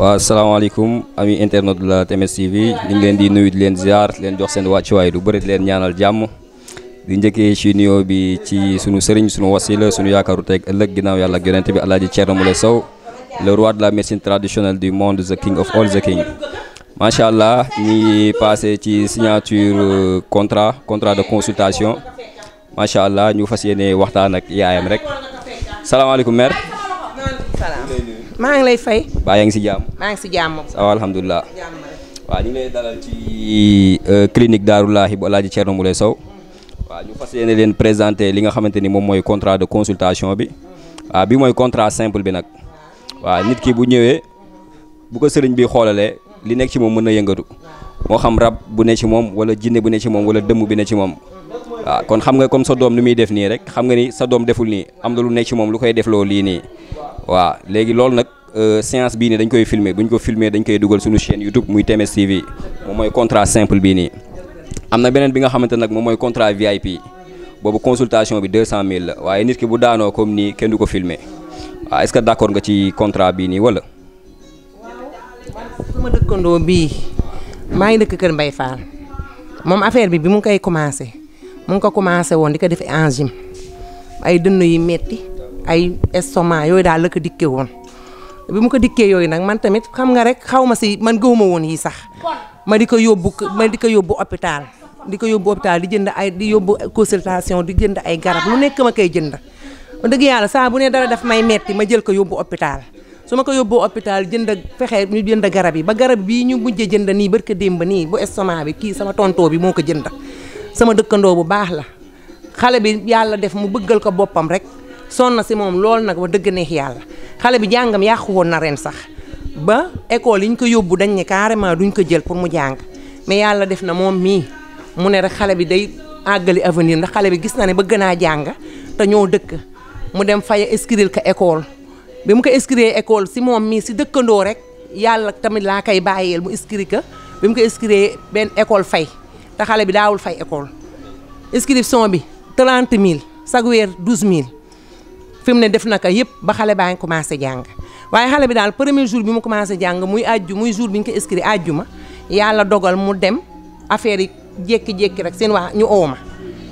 waaw salaamaaleykum ami internet de la TMS TV ñu leen di nuyu di leen ziar di leen jox seen wàccuwaay waay bëri di leen ñaanal jàmm di njëkkee ci nuyoo bi ci sunu sëriñ sunu wasila sunu yaakaaru teg ëllëg ginnaaw yàlla ak yonent bi Alaaji Thierno Moule Sow le roi de la médecine traditionnelle du monde the king of all the king macha allah ñu ngi passé ci signature euh, contrat contrat de consultation macha allah ñu fas yéene waxtaan ak yaayam rek salaamaaleykum mère. maa ngi lay fay. baa yaa ngi si jàmm. maa ngi si jàmm. ça alhamdulilah. waaw ñu ngi lay dalal ci euh, clinique Darou Lahi bu El Hadj Thierno Moule Sow. waaw ñu fas yéene leen présenter li nga xamante ni moom mooy contrat de consultation bi. waaw bi mooy contrat simple bi nag. waaw nit ki bu ñëwee. bu ko sëriñ bi xoolalee. li nekk ci moom mën na yëngatu. moo xam rab bu ne ci moom wala jinne bu ne ci moom wala dëmm bi ne ci moom. kon xam nga comme sa doom ni muy def nii rek xam nga ni sa doom deful nii am na lu nekk ci moom lu koy defloo lii nii waaw Euh, séance bii nii dañ koy filmer bu ñu ko filmer dañ koy dugal suñu chaîne YouTube muy TMS TV moom mooy contrat simple bii nii am na beneen bi nga xamante nag moom mooy contrat VIP boobu consultation bi 200000 la waaye nit ki bu daanoo comme nii kenn du ko filmer waaw est-ce que d'accord nga ci contrat bii nii wala. sama dëkkandoo bii maa ngi dëkk Kër Mbaye Fall moom affaire bi bi mu koy commencé mu ngi ko commencé woon di ko def en gym ay dënn yi metti ay estomac yooyu daal la ko dikke woon. bi mu ko dikkee yooyu nag man tamit xam nga rek xaw ma si man gëwuma woon yi sax ma di ko yóbbu ma di ko yóbbu hôpital di ko yóbbu hôpital di jënd ay di yóbbu consultation di jënd ay garab lu nekk ma koy jënd dëgg yàlla saa bu ne dara daf may metti ma jël ko yóbbu hôpital su ma ko yóbbu hôpital jënd fexe ñu jënd garab yi ba garab bii ñu mujj jënd nii barka démb nii bu estomac bi kii sama tontoo bi moo ko jënd sama dëkkandoo bu baax la xale bi yàlla def mu bëggal ko boppam rek sonna si moom loolu nag wax dëgg neex yàlla xale bi jàngam yàqu woon na ren sax ba école yi ñu ko yóbbu dañ ne carrément duñ ko jël pour mu jàng mais yàlla def na moom mii mu ne rek xale bi day àggali avenir ndax xale bi gis na ne bëgg naa jàng te ñoo dëkk mu dem fay inscrire ko école bi mu ko inscrire école si moom mii si dëkkandoo rek yàlla tamit laa kay bàyyeel mu inscrire ko bi mu ko inscrire benn école fay te xale bi daawul fay école inscription bi 30 000 chaque weer 12 fi mu ne def naka yëpp ba xale baa ngi commencé jàng waaye xale bi daal premier jour bi mu commencé jàng muy àjju muy jour bi ñu ko inscrit àjju ma yàlla dogal mu dem affaire yi jékki-jékki rek seen waa ñu oo ma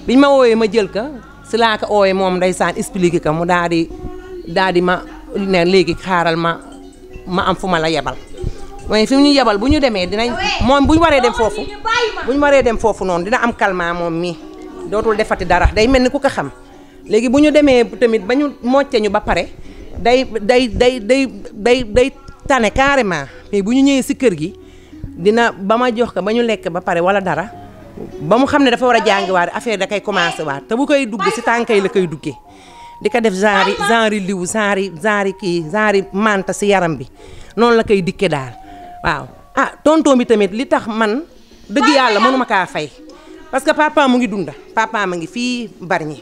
biñ ma woowee ma jël ka si laa ko oowee moom ndeysaan expliqué ko mu daal di daal di ma ne léegi xaaral ma ma am fu ma la yebal waaye fi mu ñu yebal bu ñu demee dinañ moom bu ñu waree dem foofu bu ñu waree dem foofu noonu dina am calmant moom mii dootul defati dara day mel ni ku ko xam léegi bu ñu demee tamit ba ñu mocce ñu ba pare day day day day day day tane carrément mais bu ñu ñëwee si kër gi dina ba ma jox ko ba ñu lekk ba pare wala dara ba mu xam ne dafa war a jàngiwaat affaire da koy commencé waat te bu koy dugg si tànk yi la koy duggee di ko def genre genre liw genre genre kii genre manta si yaram bi noonu la koy dikke daal waaw ah tonton bi tamit li tax man dëgg yàlla mënuma kaa fay parce que papa mu ngi dunda papa ma ngi fii bari ñi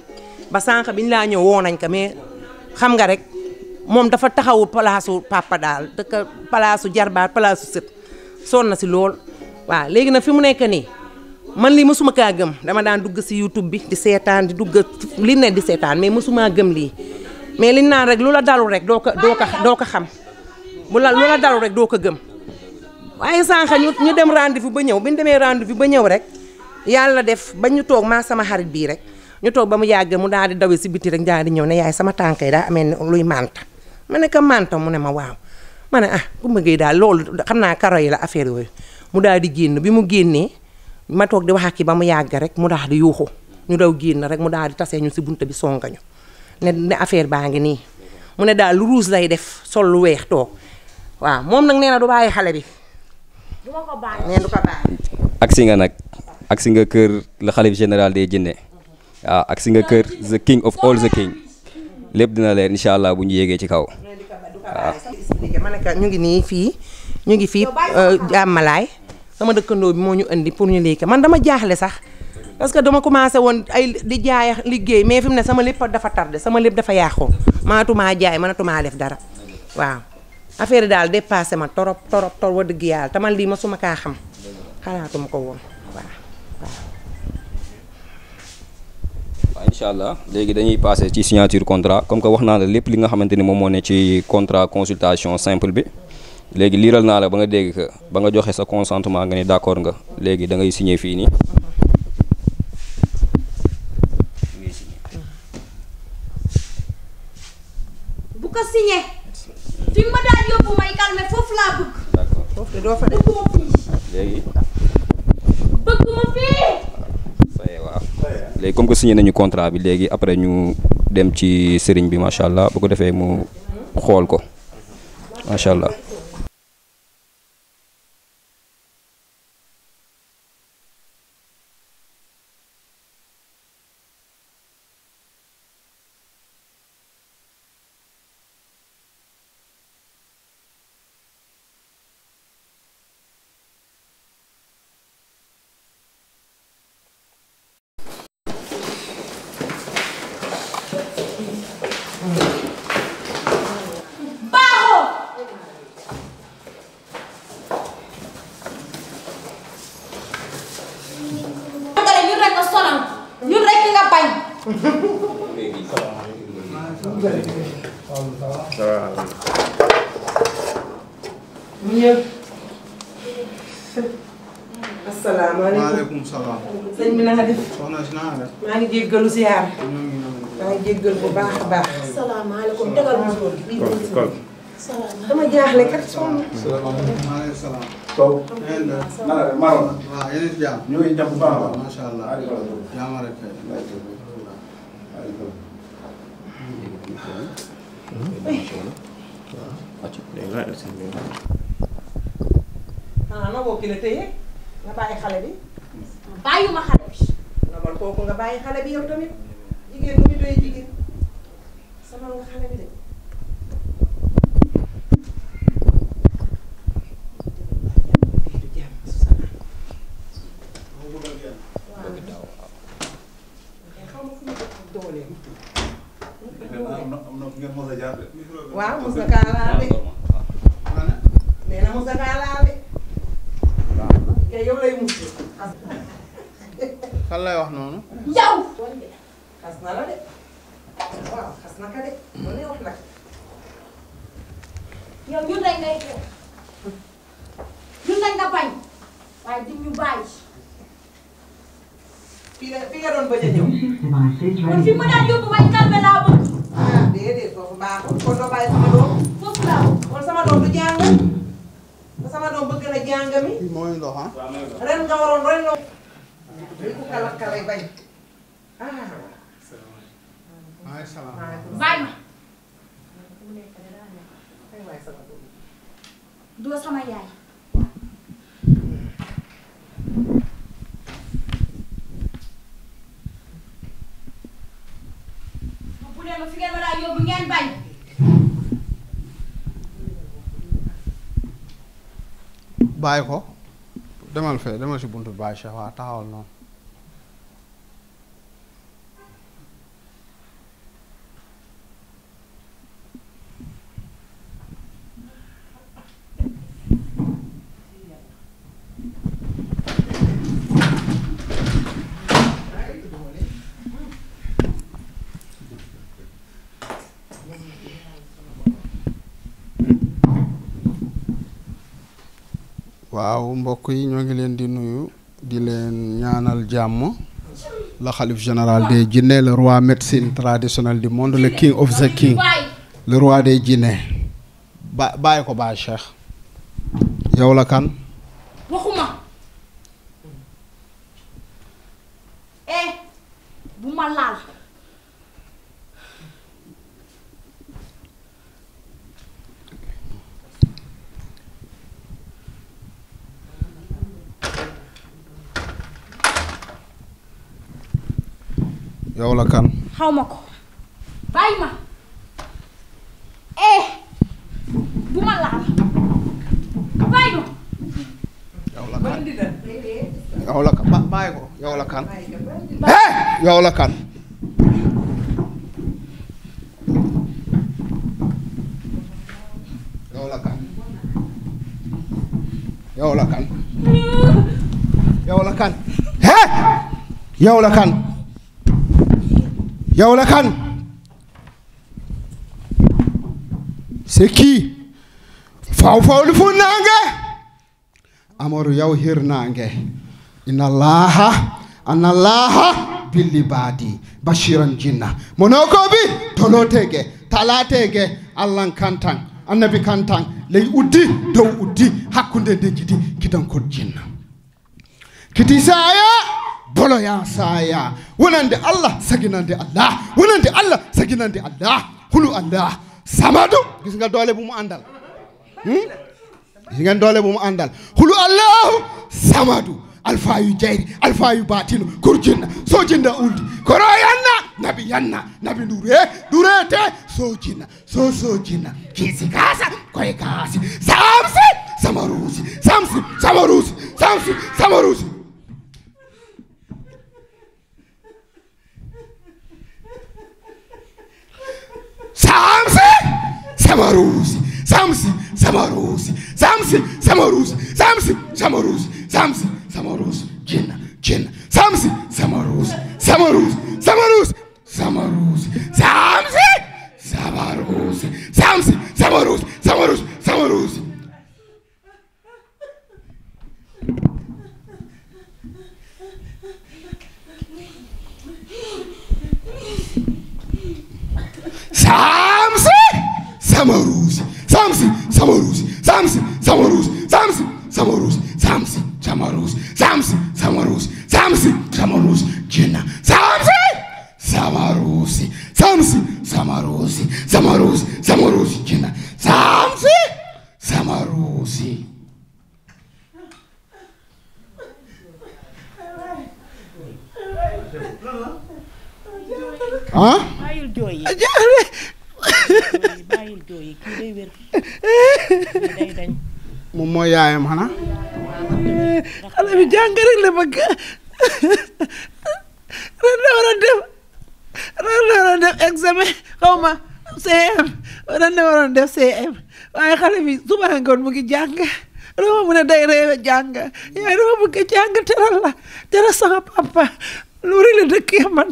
ba sànq biñ laa ñëw woo nañ ko mais xam nga rek moom dafa taxawu palaasu papa daal daka palaasu jarbaat palaasu sët sonn na si lool. waaw léegi nag fi mu nekk nii man lii mësuma kaa gëm dama daan dugg si YouTube bi di seetaan di dugg li ne di seetaan mais mësumaa gëm lii mais liñ naan rek lu la dalu rek doo ko doo ko doo ko xam mu la lu la dalu rek doo ko gëm waaye sànq ñu ñu dem rendez-vous ba ñëw bi ñu demee rendez-vous ba ñëw rek yàlla def ba ñu toog maa sama xarit bii rek. ñu toog ba mu yàgg mu daal di dawe si biti rek daal di ñëw ne yaay sama tànk yi daa amee luy manta ma ne ko manta mu ne ma waaw ma ne ah Kumba Gueye daal loolu xam naa karo yi la affaire yooyu mu daal di génn bi mu génnee ma toog di wax ak ba mu yàgg rek mu daal di yuuxu ñu daw génn rek mu daal di tasee ñu si bunt bi songañu ne ne affaire baa ngi nii mu ne daal lu ruus lay def sol lu weex toog waaw moom nag nee na du bàyyi xale bi du ma ko bàyyi nee du agsi nga nag agsi nga kër la xalif général day waaw ah, ak si nga kër the king of all the king lépp dina leer incha allah bu ñu yéegee ci kaw waaw. Ah. ñu ngi nii fii ñu ngi fii euh, jàmmalaay sama dëkkandoo bi moo ñu indi pour ñu liggéey man dama jaaxle sax parce que dama commencé woon ay di jaay liggéey mais fi mu ne sama lépp dafa tardé sama lépp dafa yaaxoo mënatumaa jaay mënatumaa def dara waaw affaire daal dépassé ma torop torop torop wa dëgg yàlla man lii ma suma kaa xam xalaatuma ko woon. waaw incha allah léegi dañuy passé ci signature contrat comme que wax naa la lépp li nga xamante ni moom moo ne ci contrat consultation simple bi léegi liiral naa la ba nga dégg que ba nga joxe sa consentement nga ni d'accord nga léegi dangay ngay signé fii nii. bu ko signé. fi ma daal yóbbu may calmé foofu laa bëgg. bëgguma fii. waaw léegi comme que signé nañu contrat bi léegi après ñu dem ci sëriñ bi macha allah bu ko defee mu xool ko macha allah. jéggalu ziar mm. maa ngi jéggal bu baax a baax. salaamaaleykum tegal ma sóor gi. kon dama jaaxle kat soxna. salaamaaleykum maaleykum salaam. Sow. Maroon. waaw yéen it jaam. ñu ngi jàpp bu baax a baax. macha allah. jaama rek kay. xanaa noo boo kii la tëye nga bàyyi xale bi. bàyyi ma xale bi. nomal kooku nga bàyyi xale bi yow tamit jigéen bu ñu doy jigéen sonal nga xale bi de. waaw mos na kaa laa de kan lay wax noonu. yow. xas na la ka de loolu lay wax nag. yow ñun dañ lay xeex ñun dañ la di ñu bàyyi. fii la doon bañ a ñëw. kon fi ma daan yóbbu may calme laa bëgg. ah déedéet foofu baaxul kon doo bàyyi sama doom. foofu laa kon sama doom du jàng. sama na jàng mi. Ah. ren nga waroon ren nga. dañ ko kala kala bay ma. doo sama yaay. bu dee ma fi ngeen ma yóbbu ngeen bañ. bàyyi ko demal fee demal si buntu bàyyi Cheikh waa taxawal noonu. waaw mbokk yi ñoo ngi leen di nuyu di leen ñaanal jàmm la xalif général des djinne le roi médecine traditionnelle du monde le king of the king le roi des djinne ba bàyyi ko baa cheikh yow la kan waxuma eh, yow la kan. xaw ma ko bàyyi ma eh bu ma laal bàyyi la kan yow la kan bàyyi ko yow la kan. eh yow la kan. yow la kan yow la kan yow la eh, la kan. yow la kan c'est qui fawfawlu funnaange amaru yaw hirnaange inna allaha anna allaha billi baadi bashiran jinna monokoɓi tolotege talatege allahn kantan annabi kantan ley uddi dow uddi hakkunde ndejjidi kidankol jinna kiti saya boloya saya wonande allah saginande allah wonande allah saginande allah hulu allah samadu gis nga doole bu mu àndal hmm? ngeen doole bu àndal hulu allahu samadu alfayu jayri alfayu batinu kurjinna sojinna uldi koro yanna nabi yanna nabi ndure durete sojinna so sojinna kiisi kaasa samsi samarusi samsi samarusi samsi samarusi samaruhusi samsi samaruhusi samsi samaruhusi samsi samaruhusi samsi samaruhusi jina jina samsi samaruhusi samaruhusi samaruhusi samaruhusi samsi samaruhusi samsi samaruhusi samaruhusi samaruhusi samsi Samaruzi, Samsi, Samaruzi, Samsi, Samaruzi, Samsi, Samaruzi, Samsi, Samaruzi, Samsi, Samaruzi, Samsi, Samaruzi, Jina, Samsi, Samaruzi, Samsi, Samaruzi, Samaruzi, Samaruzi, Jina, Samsi, Samaruzi. Ah? yi moom mooy yaayam xanaa xale bi jàng rek la bëgg ren la war a def la war a examen xaw ma CM ren la waroon def CM waaye xale bi suba ngoon mu ngi jàng dama mun a day reewe jàng yaay dama bëgg jàng teral la teral sama papa lu rek la dëkkee man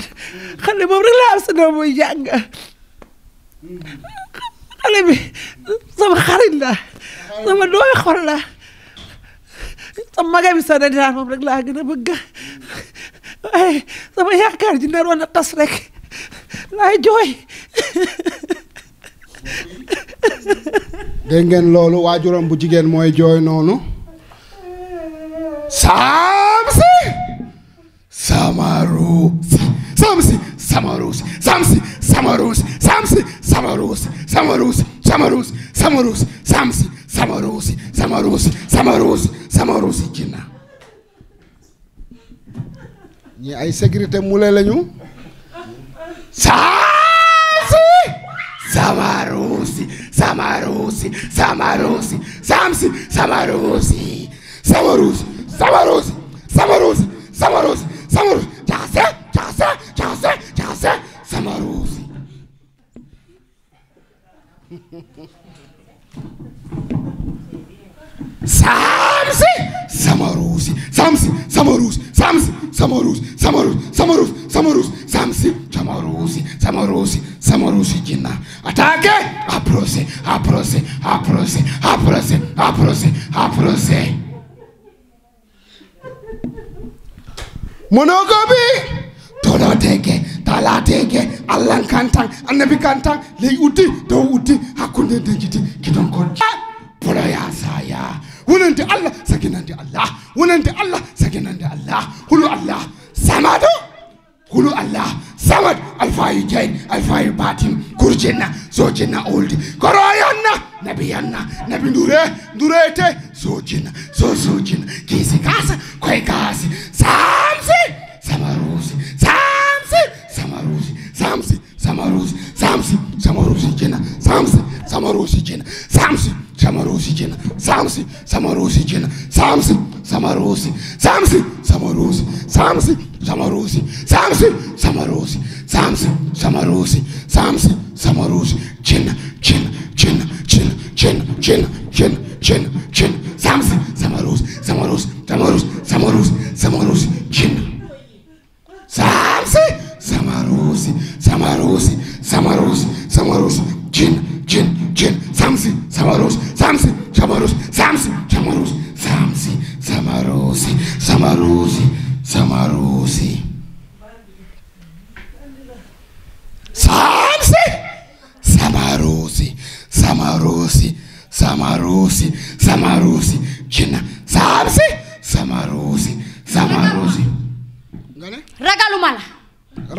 xale moom rek la am si doom muy jàng mm. xale bi sama xarit la sama doomi xol la sama magam sa da daan moom rek laa gën a bëgg sama yaakaar ji naroon na tas rek laay jooy dégg loolu waajuram bu jigéen mooy jooy noonu saam si samaru saam Samarusi Samsi Samarusi Samsi Samarusi Samarusi Samarusi Samarusi Samsi Samarusi Samarusi Samarusi Samarusi jinna ñi ay sécurité mu lay lañu Samsi Samarusi Samarusi Samarusi Samsi Samarusi Samarusi Samarusi Samarusi Samarusi saamsi sama ruusi saamsi sama ruusi sama ruusi sama ruusi sama ruusi sama ruusi sama ruusi jinna ataake aprose aprose aprose aprose aprose aprose monoko bi tolo teke faalaate ge allah kan tan annabi kan tan ley uddi dow uddi hakkunde nden jiti kidon kon poloya saya wonande allah saginande allah wonande allah saginande allah hulu allah samado hulu allah samad alfayi diayn alfayi batin kurjenna sojinna oldi koroyanna nabi yanna nabi ndure ndurete sojinna so sojinna kiisi kaasa koye kaasi samsi samarusi samarusi samsi samarusi kenan samsi samarusi kenan samsi samarusi kenan samsi samarusi kenan samsi samarusi samsi samarusi samsi samarusi samsi samarusi samsi samarusi samsi samarusi kenan kenan kenan kenan kenan kenan kenan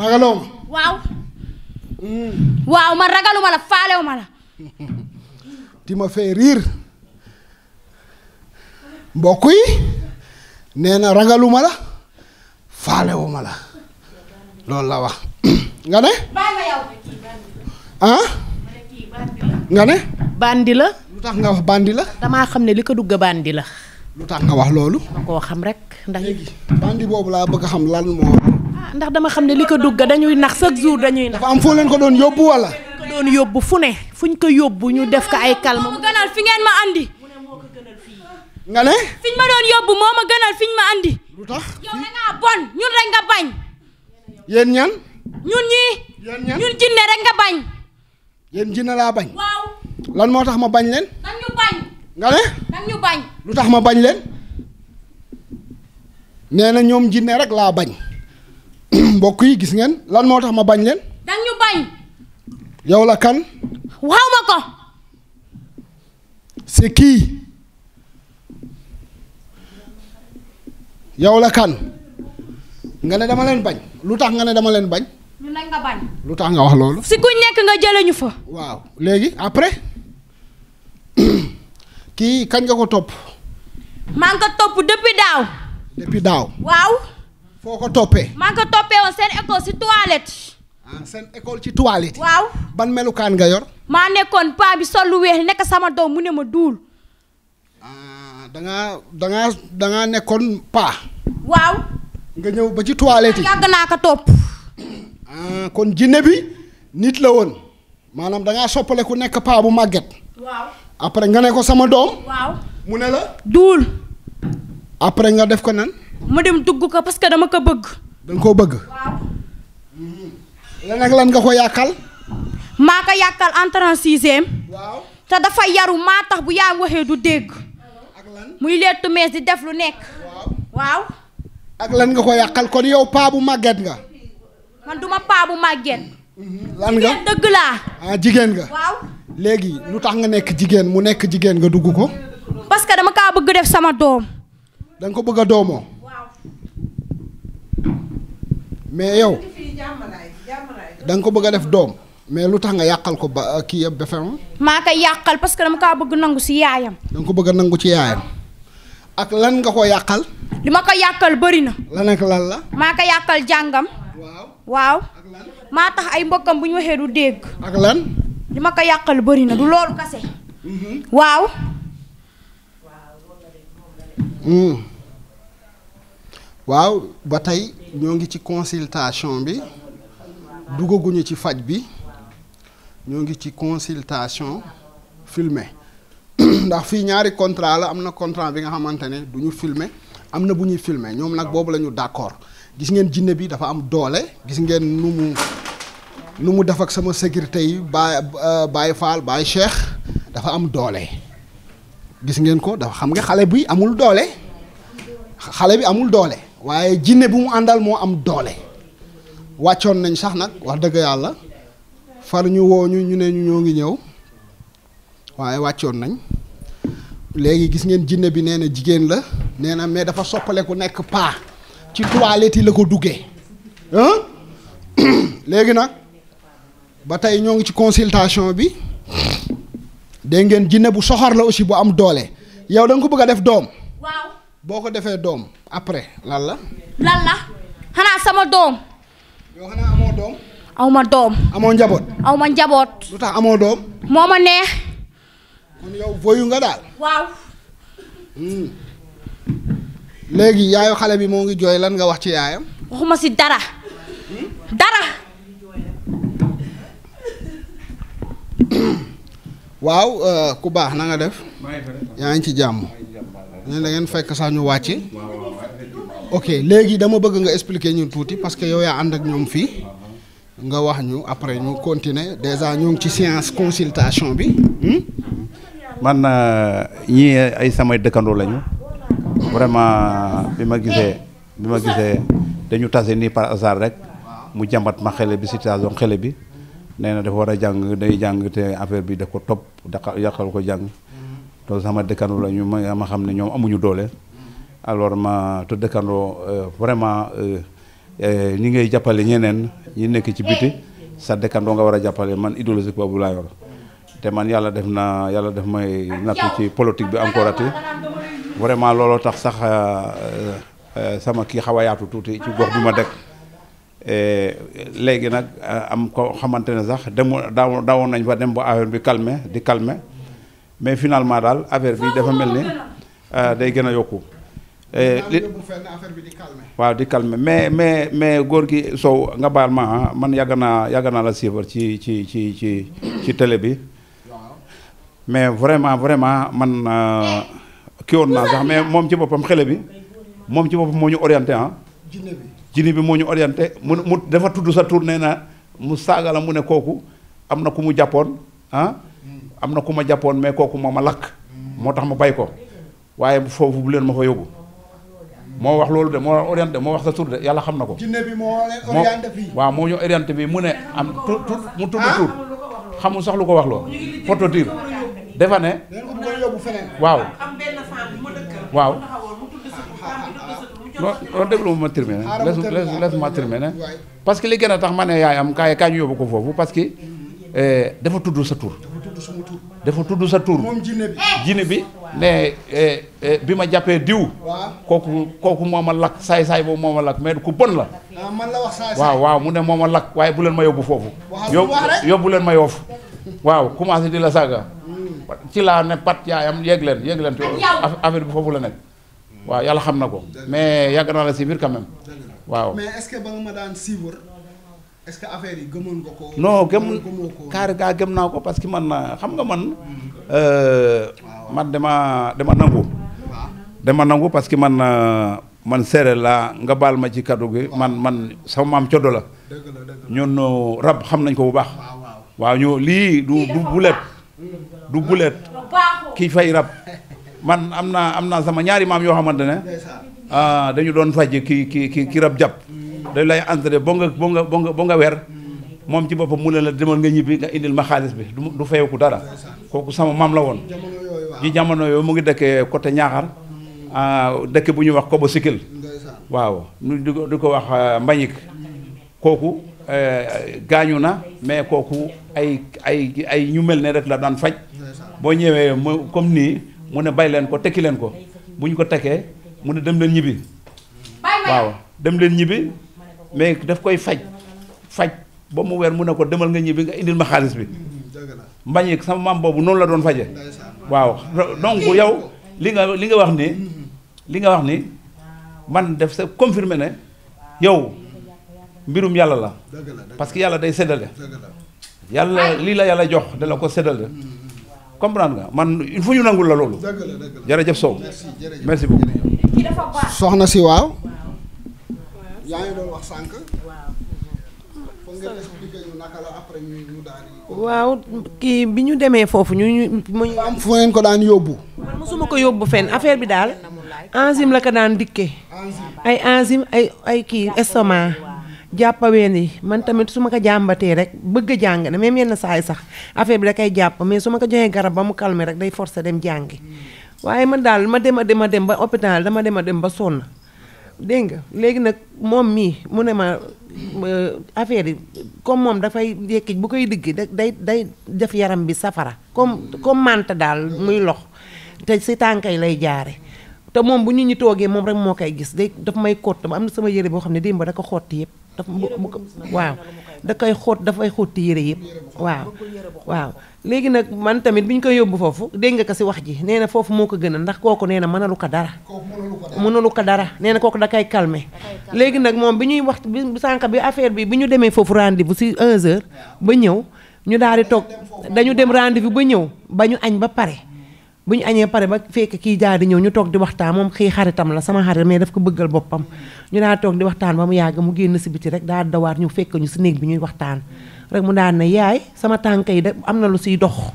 ragaloo ma. waaw. Hmm. waaw man ragaluma la faalewu la. tu m'as fait rire mbokk yi nee na ragaluma la faalewuma la loolu la wax nga ne. ah. nga ne. bandi la. lu tax nga wax bandi la. damaa xam ne li ko dugg bandi la. lu tax nga wax loolu. ma koo xam rek ndax. léegi bandi boobu laa bëgg a xam lan moo. ndax dama xam ne li ko dugg dañuy nax chaque jour dañuy nax. dafa am foo leen ko doon yóbbu wala. ko doon yóbbu fu ne fuñ ko yóbbu ñu def ko ay calme. moo ma gënal fi ngeen ma andi. nga ne. fiñ ma doon yóbbu moo andi. lu tax yow da ngaa bon ñun rek nga laa bañ. waaw. moo tax ma bañ leen. dañ ñu lu tax ma bañ leen. nee na ñoom jinne rek laa bañ. mbokk yi gis ngeen lan moo tax ma bañ leen. dañ ñu bañ. yow la kan. waaw ma ko. c'est qui. yow la kan. nga ne dama leen bañ. lu tax nga ne dama leen bañ. ñu lu tax nga wax loolu. si ku nekk nga jëlee fa. waaw léegi après. kii kañ nga ko topp. maa ngi ko topp depuis daaw. depuis daaw. foo ko toppee. maa ngi ko toppee woon seen école si toilette. Ah, seen école ci toilette. waaw ban melukaan nga yor. maa nekkoon paa bi sol lu weex nekk sama doom mu ne ma duul. ah da ngaa nekkoon paa. waaw. ñëw ba ci toilette yi yàgg topp. Ah, kon jinne bi nit la woon maanaam da ngaa soppale nekk paa bu màgget. nga ne ko sama doom. mu ne la. duul. après nga def ko nan. ma dem dugg ko parce que dama ko bëgg. danga nga koo bëgg. waaw. lan ak lan nga ko yàqal. maa ko yàqal entrée en waaw te dafa yaru maa tax bu yaa waxee du dégg. ak muy lettu mees di def lu nekk. waaw. ak lan nga ko yàqal kon yow paa bu màgget nga. man duma paa bu màgget. Mhm. lan nga jigéen dëgg laa. Ah, jigéen nga. léegi lu tax nga nekk jigéen mu nekk jigéen nga dugg ko. parce que dama kaa bëgg def sama doom. danga ko bëgg a doomoo. mais yow da nga ko bëgg a def doom mais lu tax nga yàqal ko ba uh, kii yëpp ba fenn. maa yàqal parce que dama kaa bëgg nangu si yaayam. da ko bëgg a nangu ci yaayam. ak lan nga ko yàqal. li ma ko yàqal bëri na. lan ak lan la. maa ko yàqal jàngam. waaw waaw. maa tax ay mbokkam bu ñu waxee du dégg. ak lan. li ma ko yàqal bëri na du loolu kase. Mhm. waaw. Mm. waaw ba tey ñoo ngi ci consultation bi duggaguñu ci faj bi ñoo ngi ci consultation filmé ndax fii ñaari contrat la am na contrat bi nga xamante ne du ñu filmé am na bu ñuy filmé ñoom nag boobu lañu ñu d'accord gis ngeen jinne bi dafa am doole gis ngeen nu mu nu mu def ak sama sécurité yi Baye euh, Baye Fall Baye Cheikh dafa am doole gis ngeen ko dafa xam nga xale bi amul doole xale bi amul doole waaye jinne bi mu àndal moo am doole wàccoon nañ sax nag wax dëgg yàlla far ñu woo ñu ñu ne ñu ñoo ngi ñëw waaye wàccoon nañ léegi gis ngeen jinne bi nee na jigéen la nee na mais dafa ku nekk paa ci toilette yi la ko duggee léegi nag ba tey ñoo ngi ci consultation bi dégg ngeen jinne bu soxor la aussi bu am doole yow da ko bëgg a def doom boo ko defee doom après lan la. xanaa sama doom. yoo doom. aw ma doom. amoo njaboot. aw ma njaboot. lu tax amoo doom. moo ma neex. kon yow voyu nga daal. waaw. Hmm. léegi yaayu xale bi moo ngi jooy lan nga wax ci yaayam. waxuma si dara. dara. waaw euh, ku baax na nga def. yaa ngi ci jàmm. ne da ngeen fekk sax ñu wàcc ok léegi dama bëgg nga expliquer ñu tuuti parce que yow yaa ànd ak ñoom fii nga wax ñu après ñu continuer déjà ñu ngi ci séance consultation bi. Hmm? man euh, ñi ay samay dëkkandoo lañu vraiment bi ma gisee bi ma gisee dañu tase nii par hasard rek mu jàmbat ma xele bi situation xele bi nee na dafa war a jàng dañu jàng te affaire bi da ko topp da yàqal ko jàng. donc sama dëkkandoo la ñu ma ma xam ne ñoom amuñu doole alors ma te dëkkandoo euh, vraiment euh, euh, ñi ngay jàppale ñeneen ñi nekk ci biti sa dekkandoo nga war a jàppale man idéologie boobu laa yor te man yàlla def na yàlla def may nattu ci politique bi encore ati vraiment looloo tax sax sama kii xaw tuuti ci gox bi ma dëkk léegi nag am ko xamante ne sax demu daawoon nañ fa dem ba affaire bi calmé di kalme mais finalement daal affaire bi dafa mel ne euh, day gën a yokku. waaw di calmer mais mais mais góor gi Sow nga baal ma ah, man yàgg naa yàgg naa la suivre ci ci ci ci ci télé bi. mais vraiment vraiment man euh, kii woon naa sax mais moom ci boppam xele bi moom ci boppam moo ñu orienté ah. jinne bi jinne bi moo ñu orienté mu mu dafa tudd sa tour nee na mu saaga la mu ne kooku am na ku mu jàppoon ah. am na ku ma jàppoon mais kooku moo ma lakk moo tax ma bay ko waaye foofu bu leen ma fa yóbbu moo wax loolu de moo orienté moo wax sa tour de yàlla xam na ko. jinne bi moo orienté fii waaw moo ñu orienté bi mu ne am tu tu mu tudd tur xamul sax lu ko wax loo photo tir dafa ne. waaw. waaw. non déglu ma terminé laisse laisse ma terminé parce que li gën a tax ma ne yaay am kaay kaay ñu yóbbu ko foofu parce que eh, dafa tuddu sa tur. tudd sama dafa tudd sa tur moom jinne bi eh. jinne bi ne eh, eh, bi ma jàppee diw. kooku kooku moo ma lakk saay saay boobu moo ma lakk mais ku bon la. Ah, man la wax waaw waaw mu ne moo ma lakk waaye bu leen ma yóbbu foofu. yóbbu leen ma yoof waaw commencé di la saaga. Hmm. ci laa ne pat yaayam yéeg leen yéeg leen affaire bi foofu la nekk. waaw yàlla xam na ko. mais yàgg naa la si biir quand waaw est-ce que affaire yi gëmoon nga ko. non gëm kaar gaa gëm naa ko parce que man xam nga man. Mm-hmm. Euh, man dama dama nangu. dama nangu parce que man euh, man séeréer laa nga baal ma ci kaddu gi man man sama maam coddo la. ñun euh, rab xam nañ ko bu baax. waaw ñu lii du du bulet. du bulet. kii fay rab. man am naa am naa sama ñaari maam yoo xamante ne. Ah, dañu doon faj ki ki ki ki rab jàpp. Mm. dañ lay entraîné boo nga boo nga boo nga boo nga weer moom ci boppam mu ne la demal nga ñibbi nga indil ma xaalis bi du du fayeku dara kooku sama maam la woon ji jamono yooyu mu ngi dëkkee côté ñaaxar ah, dëkk bu ñuy wax kobo sikil waaw ñu di ko di ko wax ah, mbañik kooku eh, gaañu na mais kooku ay ay ay ñu mel ne rek la daan faj boo ñëwee mu comme nii mu ne bay leen ko tekki leen ko bu ñu ko tekkee mu ne dem leen ñibbi waaw dem leen ñibbi mais daf koy faj faj ba mu weer mu ne ko demal nga ñibbi nga indil ma xaalis bi mm-hmm. mbañeek sama maam boobu noonu la doon faje waaw donc mm-hmm. yow li nga li nga wax ni mm-hmm. li nga wax ni man def sa confirmer ne yow mbirum yàlla la parce que yàlla day séddale yàlla lii la yàlla jox da ko séddale comprendre nga man il faut ñu nangul la loolu jërëjëf Sow merci soxna si waaw yaa sànq. waaw. foog ngeen kii bi ñu demee foofu ñu ñu. am fu ngeen ko daan yóbbu. man mosuma ko yóbbu fen affaire bi daal. enzyme la ko daan dikke ay enzyme ay ay kii estomac. jàppaween yi man tamit su ma ko jàmbatee rek bëgg jàng ne même yenn saa sax affaire bi da koy jàpp mais su ma ko joxee garab ba mu calmer rek day forcer dem jàngi. Hmm. waaye man daal ma dem dema dem ba hôpital dama dem a dem ba sonn. dégg nga léegi nag moom mii mu ne ma euh, affaire yi comme moom dafay yekki bu koy digg day day def yaram bi safara comme comme mante daal muy lox te si tànk yi lay jaare te moom bu ñu ñu toogee moom rek moo koy gis day daf may xóot am na sama yére boo xam ne démb da ko xotti yëpp daf waaw da koy xóot dafay xotti yére yëpp waaw waaw léegi nag man tamit bi ñu koy yóbbu foofu dégg nga ko si wax ji nee na foofu moo ko gën a ndax kooku nee na mënalu ko dara mënalu ko dara nee na kooku da kay calmer léegi nag moom bi ñuy wax bi sànq bi affaire bi bi ñu demee foofu rendez-vous si 1 heure ba ñëw ñu daal di toog dañu dem rendez-vous ba ñëw ba añ ba pare bu ñu añee pare ba fekk kii jaar ñëw ñu toog di waxtaan moom xii xaritam la sama xarit mais daf ko bëggal boppam ñu daal toog di waxtaan ba mu yàgg mu génn si biti rek daal dawaat ñu fekk ñu si néeg bi ñuy waxtaan rek mu daan ne yaay sama tànk yi de am na lu siy dox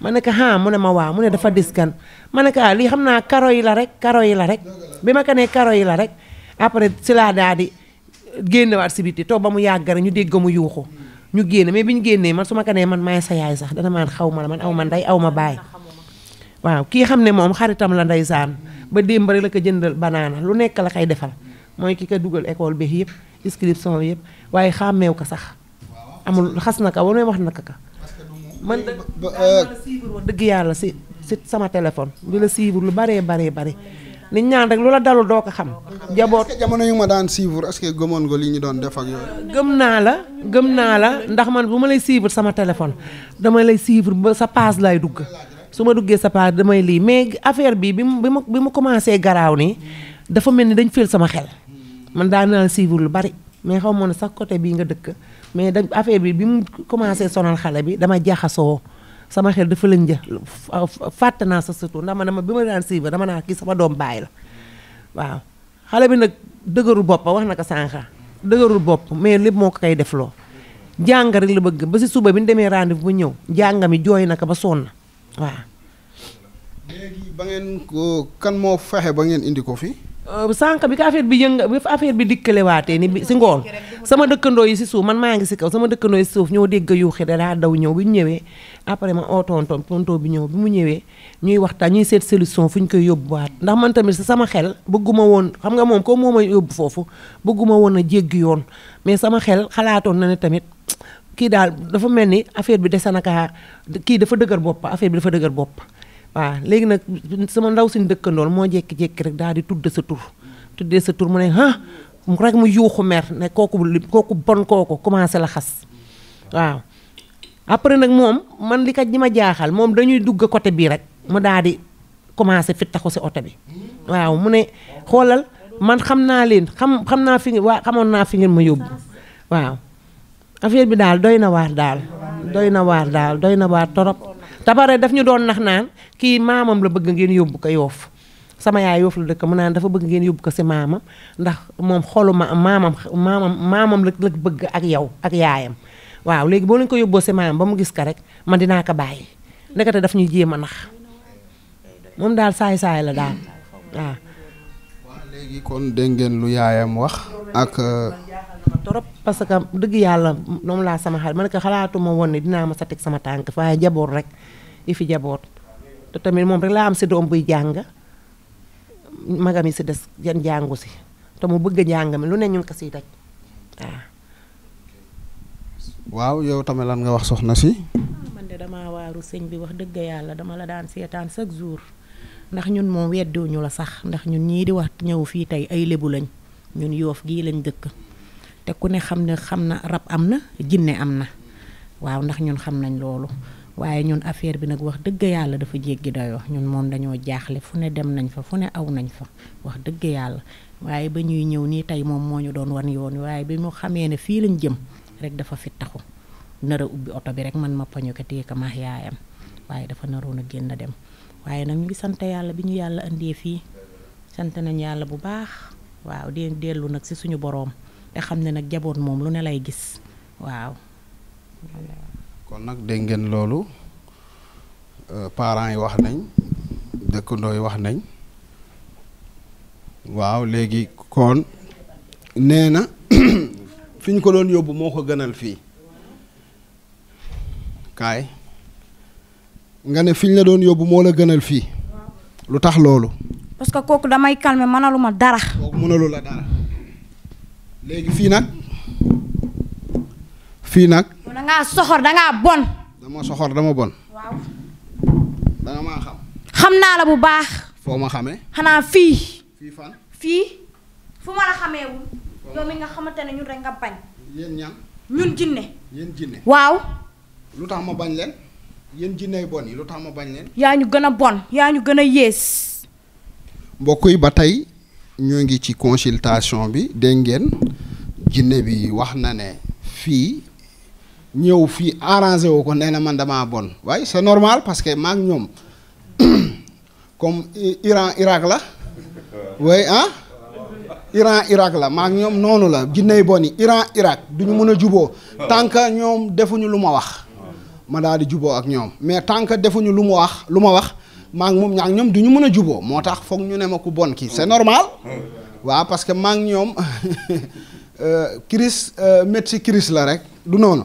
ma ne ko ah mu ne ma waa mu ne dafa diskan ma ne ko ah lii xam naa karo yi la rek karo yi la rek bi ma ko nee karo yi la rek après si laa daa di génnewaat si biti toog ba mu yàgg rek ñu dégg mu yuuxu ñu génne mais bi ñu génnee man su ma ko nee man maay sa yaay sax dana man xaw ma la man aw ma ndey aw ma baay waaw kii xam ne moom xaritam la ndeysaan ba démb rek la ko jëndal banaana lu nekk la koy defal mooy ki ko dugal école bi yëpp inscription yëpp waaye xàmmeew ko sax amul xas na ka wala wax na ka. man euh, dëgg yàlla si si sama téléphone. bi la suivre lu baree baree bari. nit ñaan rek lu la dalul doo ko xam. jaboot jamono yu ma daan suivre est-ce que gëmoon ñu doon def ak gëm naa la gëm naa la ndax man bu ma lay suivre sama téléphone dama lay suivre ba sa paas lay dugg su ma duggee sa paas damay lii mais affaire bi bi mu bi mu commencé garaaw nii dafa mel ni dañ fil sama xel man daan naa suivre lu bari mais xaw ma ne sax côté bii nga dëkk. mais da affaire bi bi mu commencé sonal xale bi dama jaxasoo sama xel dafa lañ ja fàtte naa sa surtout ndax ma ne ma bi ma daan siiba dama naa kii sama doom bàyyi la waaw xale bi nag dëgërul bopp wax na ko sànqa dëgërul bopp mais lépp moo ko koy defloo jàng rek la bëgg ba si suba bi ñu demee rendez-vous ba ñëw jàngami jooy nag ko ba sonn waaw. léegi ngeen kan moo fexe ba ngeen indi ko fi. Euh, sànq bi ko affaire bi yënga bi affaire bi waatee ni si ngoon sama dëkkandoo yi si suuf man maa ngi si kaw sama dëkkandoo yi si suuf ñoo dégg yuuxi daa daw ñëw bi ñu ñëwee après ma oo tonton tonton bi ñëw bi mu ñëwee ñuy waxtaan ñuy seet solution fu ñu koy yóbbuwaat ndax man tamit si sama xel bëgguma woon xam nga moom comme moo may yóbbu foofu bëgguma woon a jéggi yoon mais sama xel xalaatoon na ne tamit kii daal dafa mel ni affaire bi dese na kaa kii dafa dëgër bopp affaire bi dafa dëgër bopp waaw léegi nag sama ndaw si dëkkandool moo jékki-jékki rek daal di tudd sa tur tuddee sa tur mu ne ah mu rek mu yuuxu mer ne kooku kooku bon kooku commencé la xas waaw après nag moom man li kat ñi ma jaaxal moom dañuy dugg a côté bii rek mu daal di commencé fi taxu si oto bi waaw mu ne xoolal man xam naa leen xam xam naa fi waa xamoon naa fi ngeen ma yóbbu waaw affaire bi daal doy na waar daal doy na waar daal doy na waar torop tabare daf ñu doon nax naan kii maamam la bëgg ngeen yóbbu ko yoof sama yaay yoof la dëkk mu naan dafa bëgg ngeen yóbbu ko si maamam ndax moom xolu ma maamam maamam maamam la la bëgg ak yow ak yaayam waaw léegi boo leen ko yóbboo si maamam ba mu gis ko rek ma dinaa ko bàyyi ndekete daf ñuy jéem a nax moom daal saay saay la daal waaw. léegi kon dégg ngeen lu yaayam wax ak. trop parce que dëgg yàlla moom laa sama xel man ko xalaatuma woon ni dinaa ma sa teg sama tànk waaye jaboot rek yi fi jaboot te tamit moom rek laa am si doom buy jàng magam yi si des yan jàngu si te mu bëgg a mi lu ne ñu ngi ko siy daj waaw. waaw yow tamit lan nga wax soxna si. Ah, man damaa waaru sëñ bi wax dëgg yàlla dama la daan seetaan chaque jour ndax ñun moom weddiwuñu la sax ndax ñun ñii di wax ñëw fii tey ay lébu lañ ñun yoof gii lañ dëkk. te ku ne xam ne xam na rab am na jinne am na waaw ndax ñun xam nañ loolu waaye ñun affaire bi nag wax dëgg yàlla dafa jéggi dayoo ñun moom dañoo jaaxle fu ne dem nañ fa fu ne aw nañ fa wax dëgg yàlla waaye ba ñuy ñëw nii tey moom moo ñu doon wan yoon waaye bi mu xamee ne fii lañ jëm rek dafa fi taxu nar a ubbi oto bi rek man ma poñu ko téye ko maax yaayam waaye dafa naroon a génn dem waaye nag ñu ngi yàlla bi ñu yàlla indee fii sant nañ yàlla bu baax waaw di dellu nag ci suñu boroom te ne nag jaboot moom lu ne lay gis waaw. kon nag dégg ngeen loolu euh, parent yi wax nañ dëkkandoo yi wax nañ waaw léegi kon nee na fi ñu ko doon yóbbu moo ko gënal fii kaay nga ne fi ñu la doon yóbbu moo la gënal fii lu tax loolu. parce que kooku damay calmer mënalu dara. léegi fii nag fii nag. da ngaa soxor da bon. dama soxor dama bon. waaw. da xam. xam naa la bu baax. foo ma xamee. xanaa fii. fii fan. fii fu ma la xameewul. yow mi nga xamante ne ñun rek nga bañ. ñun jinne. yéen jinne. waaw. lu tax ma bañ leen. yéen jinney bon yi lu tax ma bañ leen. yaa ñu gën a bon yaa ñu gën a yées. mbokk yi ba tey ñoo ngi ci consultation bi dégg ngeen jinne bi wax na ne fii ñëw fii arrangé wu ko nee na man damaa bon waaye c'est normal parce que maak ñoom comme Iran Irak la way ah Iran Irak la maak ñoom noonu la jinney bon yi Iran Irak duñu mën a juboo tant que ñoom defuñu lu ma wax ma daal di juboo ak ñoom mais tant que defuñu lu mu wax lu ma wax maa moom ñaak ñoom du ñu mën a juboo moo tax foog ñu ne ma ku bon ki c'est normal waaw parce que maa ngi ñoom euh, crise euh, médecine crise la rek du noonu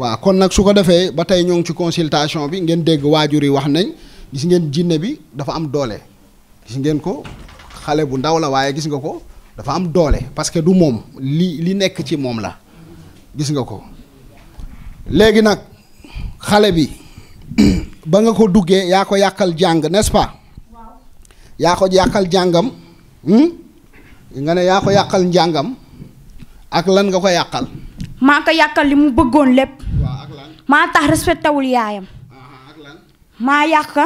waaw kon nag su ko defee ba tey ñoo ngi ci consultation bi ngeen dégg waajur yi wax nañ gis ngeen jinne bi dafa am doole gis ngeen ko xale bu ndaw la waaye gis nga ko dafa am doole parce que du moom li li nekk ci moom la gis nga ko léegi nag xale bi ba nga ko duggee yaa ko yàqal jàng n'est-ce pas yaa ko yàqal jàngam hmm? nga ne yaa ko yàqal njàngam ak lan nga ko yàqal maa ko yàqal li mu bëggoon lépp maa tax respecté wul yaayam maa yàq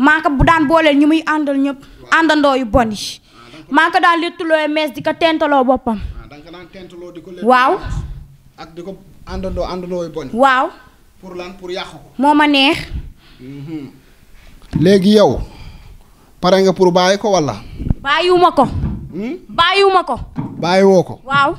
maa ko bu daan booleel ñu muy àndal ñëpp àndandoo yu bon yi ah, maa ko daan léttuloo mees di ko tentaloo boppam ah, waaw ak di ko àndandoo àndandoo yu bon waaw pour lan pour yàqu ko. moo ma neex. Mhm. léegi yow pare nga pour bàyyi ko walla. bàyyiwuma ko. Hmm? bàyyiwuma ko. bàyyiwoo ko. waaw.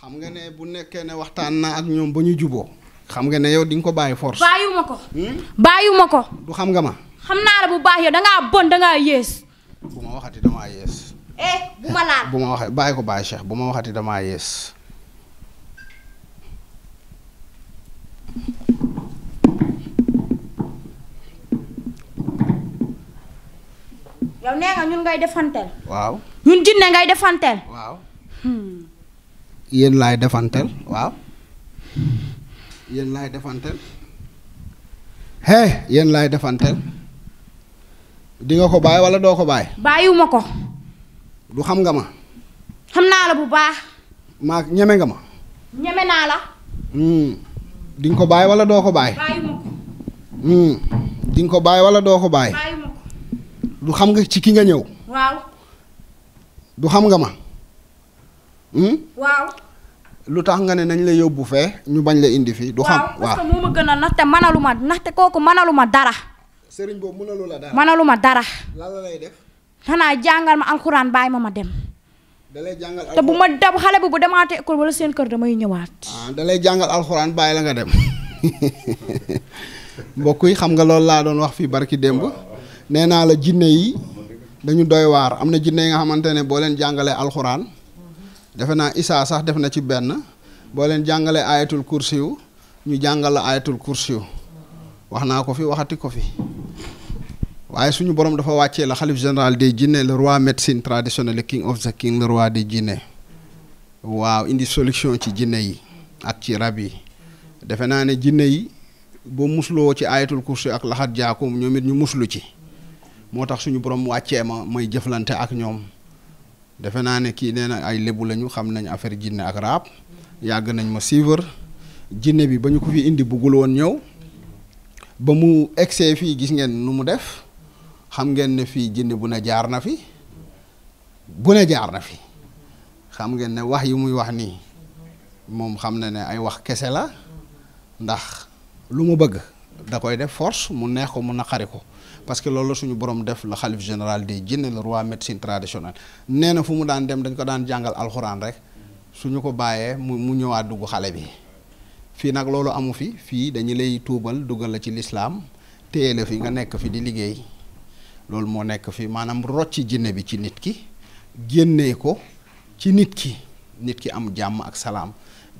xam nga ne bu nekkee ne waxtaan naa ak ñoom ba ñu juboo xam nga ne yow di nga ko bàyyi force. bàyyiwuma ko. Hmm? bàyyiwuma ko. du xam nga ma. xam naa la bu baax yow da bon da yées. bu ma waxati damaa yées. eh bu ma laal bàyyi ko bàyyi Cheikh bu ma waxati damaa yées. yow nee nga ñun ngay defanteel. waaw ñun jinne ngay defanteel. waaw. Hmm. yéen laay defanteel waaw. yéen laay defanteel. hey yéen laay defanteel. di ko bàyyi wala doo ko bàyyi. bàyyiwuma ko. du xam nga ma. xam naa la bu baax. maa ñeme nga ma. ñeme naa la. Hmm. di ko bàyyi wala doo ko bàyyi. bàyyiwuma ko. Hmm. di nga ko bàyyi wala doo ko bàyyi. du xam nga ci ki nga ñëw. du xam nga ma. Hmm? lu tax nga ne nañ la yóbbu fee ñu bañ la indi fii. du xam waaw parce que moo ma gën a ndaxte mënalu ma ndaxte kooku mënalu ma dara. sëriñ boobu mënalu dara mënalu ma dara. xanaa jàngal ma alxuraan bàyyi ma ma dem. da lay jàngal te bu ma dab xale bi bu demaatee école wala seen kër damay ñëwaat. ah da lay jàngal alxuraan bàyyi la nga dem mbokk yi xam nga loolu laa doon wax fii barki démb. nee naa la jinne yi dañu doy waar am na jinne yi nga xamante ne boo leen jàngalee alxuraan defe naa isaa sax def na ci benn boo leen jàngalee ayatul kursiyu ñu jàngal la ayatul kursiyu wax naa ko fi waxati ko fi waaye suñu borom dafa wàccee la xalif général des jinne la roi médecine traditionnel le king of the king le roi des jinne waaw indi solution ci jinne yi ak ci rab yi defe naa ne jinne yi boo musloo ci ayatul kursi ak laxat jaakum ñoom it ñu muslu ci moo tax suñu borom wàccee ma may jëflante ak ñoom defe naa ne kii nee na ay lébu lañu xam nañu affaire jinne ak raab yàgg nañ ma suivre jinne bi ba ñu ko fi indi buggul woon ñëw ba mu egsee fii gis ngeen nu mu def xam ngeen ne fii jinne bu ne jaar na fi bu ne jaar na fi xam ngeen ne wax yi muy wax nii moom xam na ne ay wax kese la ndax lu mu bëgg da koy def force mu neex ko mu naqari ko parce que loolu suñu borom def la xalif général de jinne le roi médecine traditionnelle nee na fu mu daan dem dañ ko daan jàngal alxuraan rek suñu ko bàyyee mu mu ñëwaat dugg xale bi fii nag loolu amu fi fii dañu lay tuubal dugal la ci lislaam téye la fi nga nekk fi di liggéey loolu moo nekk fi maanaam rocci jinne bi ci nit ki génnee ko ci nit ki nit ki am jàmm ak salaam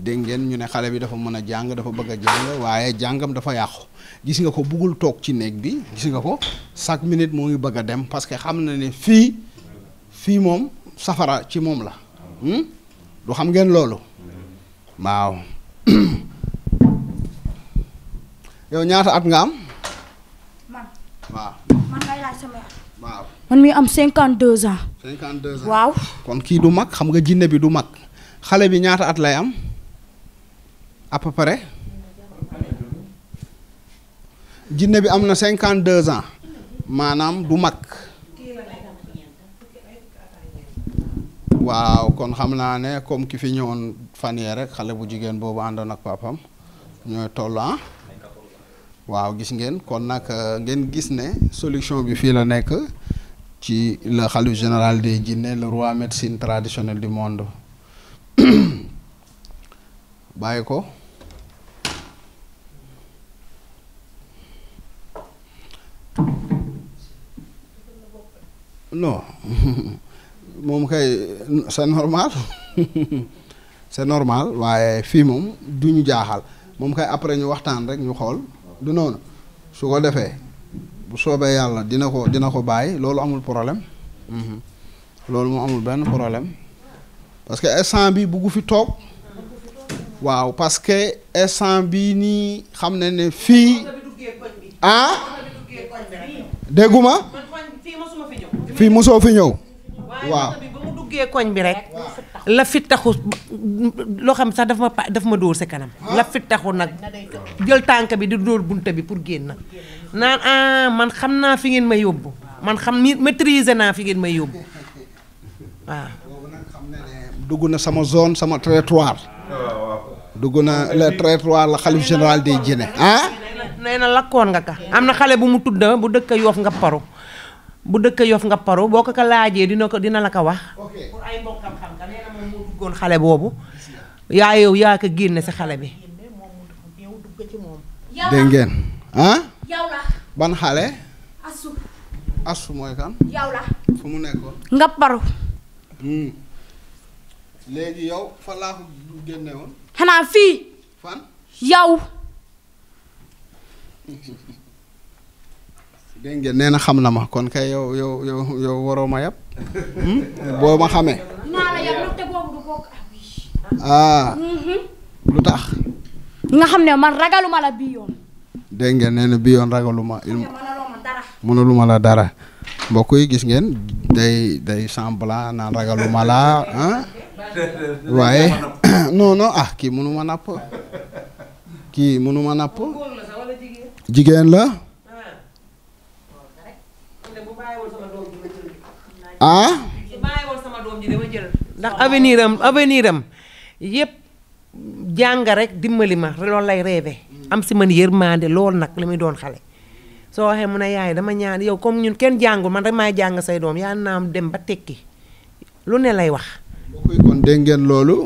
dégg ngeen ñu ne xale bi dafa mën a jàng dafa bëgg a jàng waaye jàngam dafa yàqu gis nga ko buggul toog ci néeg bi gis nga ko chaque minute moo ngi bëgg a dem parce que xam na ne fii fii moom safara ci moom la hmm? du xam ngeen loolu waaw ñaata at nga am. man waaw. am cinquante deux ans. waaw. kon kii du mag xam nga jinne bi du mag xale bi ñaata at lay am. à peu près jinne bi am na cinquante deux ans maanaam du mag waaw kon xam naa ne comme ki fi ñëwoon fan yee rek xale bu jigéen boobu àndoon ak papam ñooy toll ah waaw gis ngeen kon nag euh, ngeen gis ne solution bi fii la nekk ci le khalife général des jinne le roi médecine traditionnelle du monde bàyyi ko no moom kay c'est normal c'est normal waaye fii moom du ñu jaaxal moom kay après ñu waxtaan rek ñu xool du noonu su ko defee bu soobee yàlla dina ko dina ko bàyyi loolu amul problème mhm. loolu moo amul benn problème parce que instant bi buggu fi toog waaw parce que instant bii nii xam na ne fii. ah. dégguma. fii mosoo fi ñëw. waaw duggee bi rek la fi taxu loo xam sax daf ma pa daf ma dóor sa kanam ah. la fi nag jël tànk bi di dóor bunt bi pour génn naan ah man xam naa fi ngeen may yóbbu man xam ni maîtriser naa fi ngeen may yóbbu waaw. dugg na sama zone sama territoire. Ah. dugg na le traitoire la xalif général des jinne ah. nee na lakkoon nga ka am na xale bu mu tudda ah, bu dëkk yoof nga paru bu dëkk yof nga paru boo ko ko laajee dina ko dina la ko wax. xale boobu. yaa yow yaa ko génne si xale bi. dégg ngeen ah. ban xale. asu. asu mooy kan. yow nga paru. Hmm. yow fa laa xanaa fii. fan yow. dégg ngeen xam na ma kon kay yow yow yow waroo ma yab. Hmm? boo ma xamee. Ah. Mm-hmm. lu tax. nga xam ne man ragaluma la bii yoon. dégg ngeen nee na bii yoon ragaluma il. mënuluma la dara mbokk yi gis ngeen day day semblant naan ragaluma laa ah? waaye non ah kii mënuma napp kii mënuma napp jigéen la ah ndax avenir am yépp am rek dimbali ma loolu lay reebe am si man yërmande lool nag la muy doon xale soo waxee mu ne yaay dama ñaan yow comme ñun kenn jàngul man rek maay jàng say doom yaa naam dem ba tekki lu ne lay wax mbokk kon dégg ngeen loolu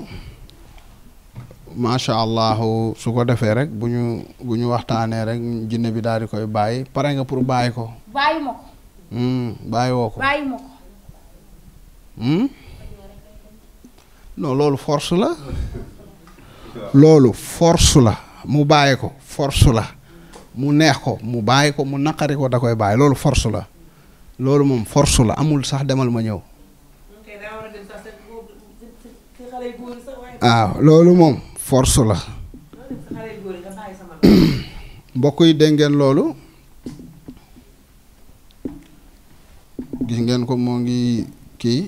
macha allah su ko defee rek bu ñu bu ñu waxtaanee rek jinne bi daal di koy bàyyi pare nga pour bàyyi ko. bàyyi hmm, ko. bàyyi hmm? loolu force la. loolu force la mu bàyyi ko force la mu neex ko mu bàyyi ko mu naqari ko da koy bàyyi loolu force la loolu moom force la amul sax demal ma ñëw. waaw ah, loolu moom force la mbokk yi dégg loolu gis ngeen ko moo ngi kii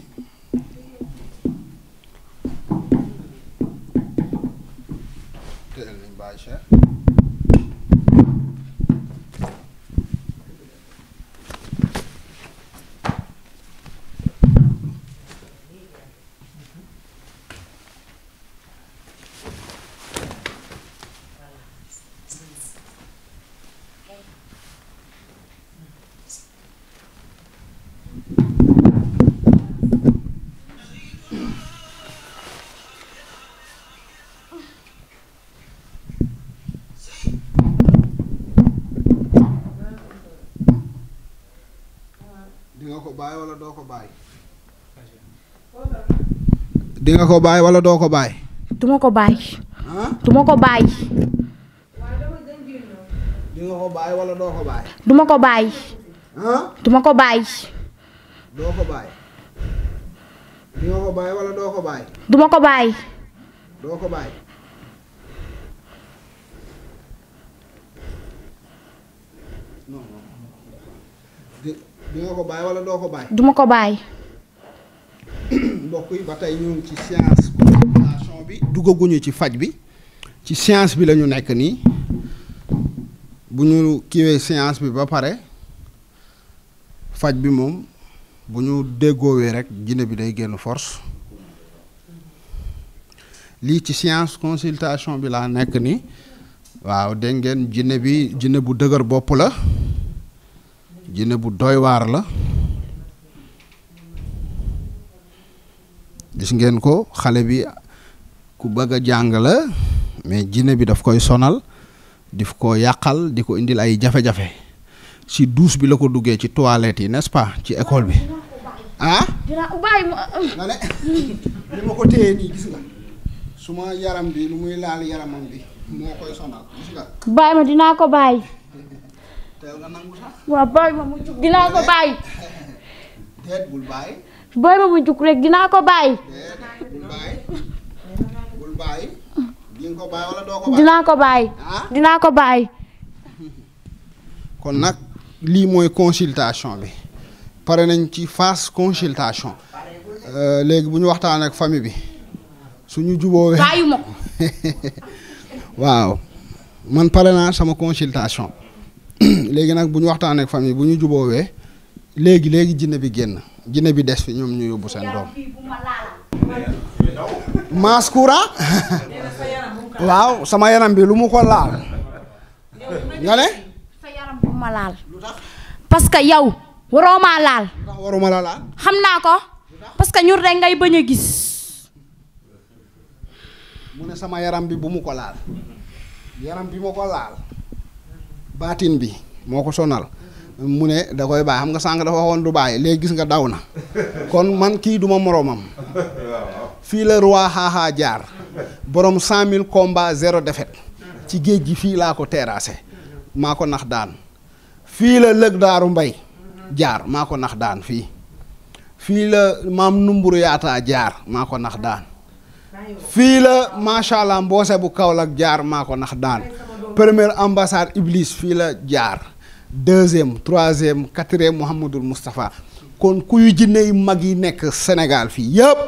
ko wala doo ko bàyyi. di ko bàyyi wala doo ko bàyyi. du ma ko bàyyi. du ma ko bàyyi. di nga ko bàyyi wala doo ko bàyyi. duma ko bàyyi. duma ko bàyyi. doo ko bàyyi. doo ko du ma ko bàyyi. doo ko bàyyi. di nga ko bàyyi wala doo ko bàyyi. du ma ko bàyyi. mbokk yi ba tey ñu ci science consultation bi duggaguñu ci faj bi ci science bi lañu nekk nii bu ñu kiiwee science bi ba pare faj bi moom bu ñu déggoowee rek jinne bi day génn force lii ci science consultation bi laa nekk ni waaw dégg ngeen jinne bi jinne bu dëgër bopp la. jinne bu doy waar la gis ngeen ko xale bi ku bëgg a jàng la mais jinne bi daf koy sonal daf ko yàqal di ko indil ay jafe-jafe ci douche bi la ko duggee ci toilette yi n'est-ce ci école bi ah nga ne li ma ko téye nii gis nga suma yaram bi lu muy laal yaramam bi moo koy sonal gis ma dinaa ko bàyyi teel nga dinaa ko bàyyi. dinaa ko bàyyi. ko bàyyi wala ko bàyyi. dinaa ko bàyyi. kon nag lii mooy consultation bi pare nañ ci fas consultation euh, léegi bu ñu waxtaan ak famille bi suñu jubóowee. bàyyi waaw man pare naa sama consultation. léegi nag bu ñu waxtaanee ak famille bu ñu juboowee léegi léegi jinne bi génn jinne bi des fi ñoom ñu yóbbu seen doom maas kuura waaw sama yaram bi lu mu ko laal nga ne sa yaram bu ma laal parce que yow waroo maa laal waroo ma laal xam naa ko parce que ñun rek ngay bañ a gis mu ne sama yaram bi mu ko laal bi ma ko laal baatin bi moo ko sonal mu ne da koy bàyyi xam nga sànq dafa waxoon du bàyyi léegi gis nga daw na kon man kii duma moroomam fii la roi xaaxaa jaar borom cent mille combat zéro défaite ci géej gi fii laa ko terrassé maa ko nax daan fii la lëg daaru mbay jaar maa ko nax daan fii fii la maam numburu yaataa jaar maa ko nax daan fii la macha allah mboose bu Kaolack jaar maa ko nax daan première ambassade Iblis fii la jaar deuxième troisième quatrième Mouhamadul Moustapha kon kuy jinne yu mag yi nekk Sénégal fii yëpp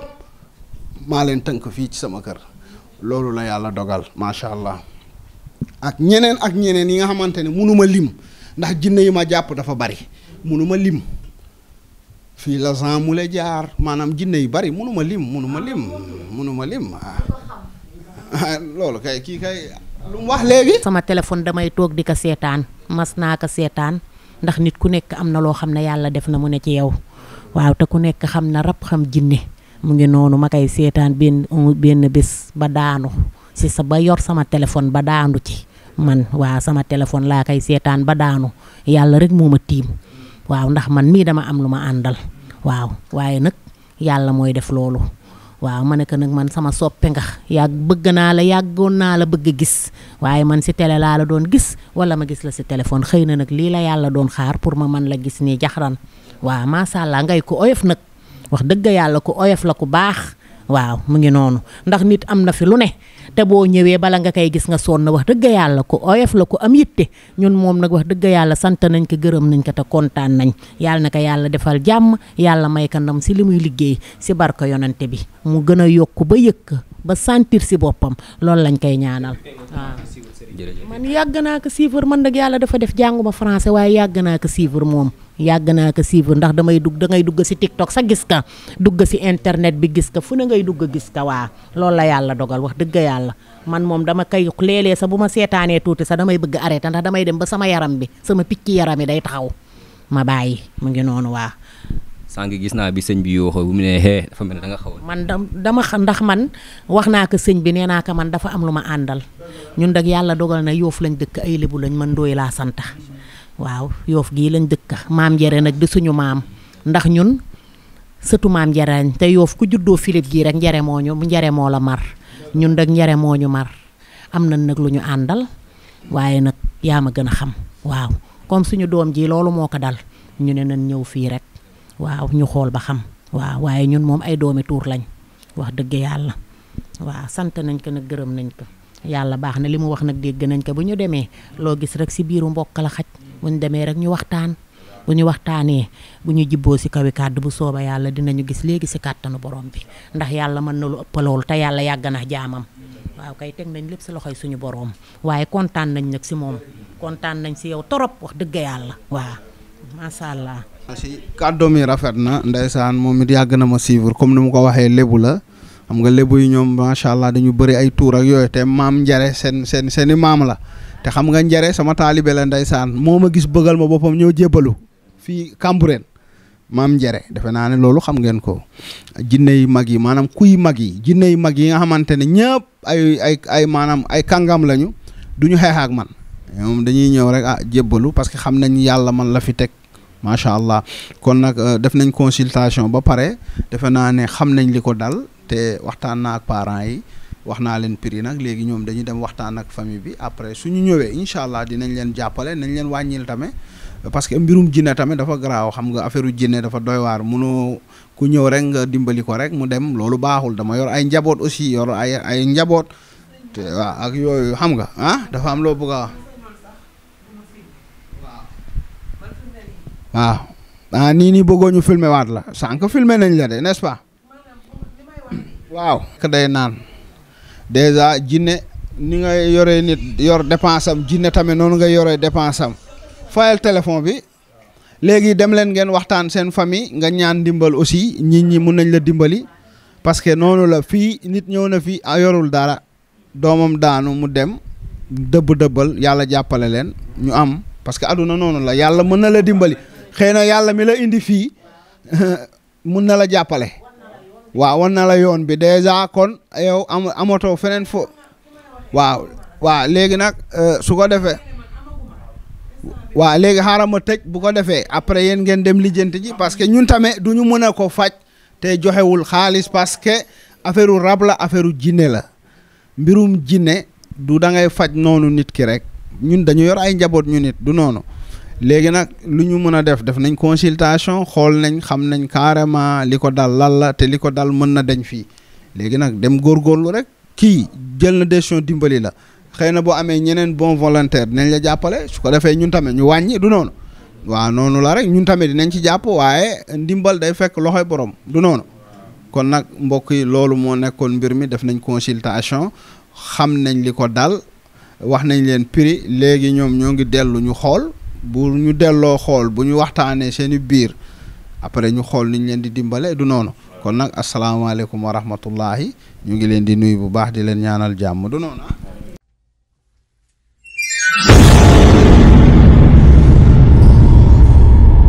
maa leen tënk fii ci sama kër loolu la yàlla dogal macha allah ak ñeneen ak ñeneen yi nga xamante ne munuma lim ndax jinne yi ma jàpp dafa bari ma lim fii la Jean la jaar maanaam jinne yu bari munuma lim munuma lim munuma lim ah. loolu kay kii kay. sama téléphone damay toog di ko seetaan mas naa ko seetaan ndax nit ku nekk am na loo xam ne yàlla def na mu ne ci yow waaw te ku nekk xam na rab xam jinne mu ngi noonu ma koy seetaan benn benn bés ba daanu si sa ba yor sama téléphone ba daanu ci man waaw sama téléphone laa koy seetaan ba daanu yàlla rek moo ma tiim waaw ndax man mii dama am lu ma àndal waaw waaye nag yàlla mooy def loolu. waaw ma ne ko nag man sama soppe nga yàgg bëgg naa la yàggoon naa la bëgg a gis waaye man si tele laa la doon gis wala ma gis la si téléphone xëy na nag lii la yàlla doon xaar pour ma man la gis nii jaxran waaw macha allah ngay ko oyof nag wax dëgg yàlla ku oyof la ku baax waaw mu ngi noonu ndax nit am na fi lu ne te boo ñëwee bala nga koy gis nga sonn wax dëgg yàlla ko oyof la ko am yitte ñun moom nag wax dëgg yàlla sant nañ ko gërëm nañ ko te kontaan nañ yàlla na ko yàlla defal jàmm yàlla may ko ndam si li muy liggéey si barka yonante bi mu gën a yokk ba yëkk ba sentir si boppam loolu lañ koy ñaanal waaw. man yàgg naa ko suivre man nag yàlla dafa def jànguma français waaye yàgg naa ko suivre moom. yàgg naa ko suivre ndax damay dugg dangay dugg si TikTok sa gis ka dugg si internet bi gis ka fu ne ngay dugg gis ka waa loolu la yàlla dogal wax dëgg yàlla man moom dama koy léeg sa bu ma seetaanee tuuti sa damay bëgg arrêté ndax damay dem ba sama yaram bi sama picc yaram yi day taxaw ma bàyyi mu ngi noonu waa. sànq gis naa bi sëñ bi yoo xam dafa mel ne da nga xaw dama xam ndax man wax naa ko sëñ bi nee naa ko man dafa am lu ma àndal ñun nag yàlla dogal na yoof lañ dëkk ay lébu lañ man dooy laa santa waaw yoof gii lañ dëkk maam njare nag di suñu maam ndax ñun sëtu maam Jara lañ te yoof ku juddoo Philippe gii rek njare moo ñu njare moo la mar ñun nag njare moo ñu mar am nañ nag lu ñu àndal waaye nag yaa ma gën a xam waaw comme suñu doom ji loolu moo ko dal ñu ne nañ ñëw fii rek waaw ñu xool ba xam waaw waaye ñun moom ay doomi tuur lañ wax dëgg yàlla waaw sant nañ ko nag gërëm nañ ko yàlla baax na li mu wax nag dégg nañ ko bu ñu demee loo gis rek si biiru mbokk la xaj bu demee rek ñu waxtaan bu ñu waxtaanee bu ñu jibboo si kawi kàddu bu sooba yàlla dinañu gis léegi si kàttanu borom bi ndax yàlla mën na lu ëpp loolu te yàlla yàgg na jaamam waaw kay teg nañ lépp si loxoy suñu borom waaye kontaan nañ nag si moom kontaan nañ si yow torop wax dëgg yàlla waaw macha allah. si kàddoom yi rafet na ndeysaan moom it yàgg na ma suivre comme ni mu ko waxee lébu la xam nga lébu ñoom macha allah dañu bëri ay tuur ak yooyu te maam njare seen seen seen maam la. te xam nga njare sama taalibe la ndeysaan moo ma gis bëggal ma boppam ñëw jébbalu fii Cambérène maam njare defe naa ne loolu xam ngeen ko jinne yu mag yi maanaam kuy mag yi jinne yu mag yi nga xamante ne ñëpp ay ay maanaam ay kàngam lañu du ñu xeex ak man moom dañuy ñëw rek ah jébbalu parce que xam nañ yàlla man la fi teg macha allah kon nag euh, def nañ consultation ba pare defe naa ne xam nañ li ko dal te waxtaan naa ak parents yi wax naa leen prix nag léegi ñoom dañuy dem waxtaan ak famille bi après su ñu ñëwee incha allah dinañ leen jàppale nañ leen wàññil tamit parce que mbirum jinne tamit dafa garaaw xam nga affaire jinne dafa doy waar munoo ku ñëw rek nga dimbali ko rek mu dem loolu baaxul dama yor ay njaboot aussi yor ay ay njaboot te ak yooyu xam nga ah dafa am loo bëgg a waaw ah nii nii bëggoo ñu filmer waat la sànq filmer nañ la de nest waaw. ka day naan. dèjà jinne ni nga yoree nit yor dépense am jinne tamit noonu nga yore dépense am fayal téléphone bi léegi dem leen ngeen waxtaan seen famille nga ñaan dimbal aussi nit ñi mun nañ la dimbali parce que noonu la fii nit ñëw na fii a yorul dara doomam daanu mu dem dëbb-dëbbal yàlla jàppale leen ñu am parce que aduna noonu la yàlla mën na la dimbali xëy na yàlla mi la indi fii mun na la jàppale waaw wan na la yoon bi dèjà kon yow am amatoo feneen fo waaw waaw léegi nag euh, su ko defee waaw léegi xaaral ma tëj bu ko defee après yéen ngeen dem lijjanti ji parce que ñun tamit du ñu mën a ko faj te joxewul xaalis parce que affaire rab la affaire jinne la mbirum jinné du da ngay faj noonu nit ki rek ñun dañu yor ay njaboot ñu nit du noonu léegi nag lu ñu mën a def def nañ consultation xool nañ xam nañ carrément li ko dal lan la te li ko dal mën na dañ fii léegi nag dem góor góorlu rek kii jël na décision dimbali la xëy na boo amee ñeneen bon volontaire dinañ la jàppale su ko defee ñun tamit ñu wàññi du noonu waaw noonu la rek ñun tamit dinañ ci jàpp waaye ndimbal day fekk loxoy borom du noonu kon nag mbokk yi loolu moo nekkoon mbir mi def nañ consultation xam nañ li ko daal wax nañ leen prix léegi ñoom ñoo ngi dellu ñu xool buur ñu delloo xool bu ñu waxtaanee seeni biir après ñu xool niñ leen di dimbale du noonu kon nag asalaamaaleykum wa rahmatullahi ñu ngi leen di nuyu bu baax di leen ñaanal jàmm du noonu ah.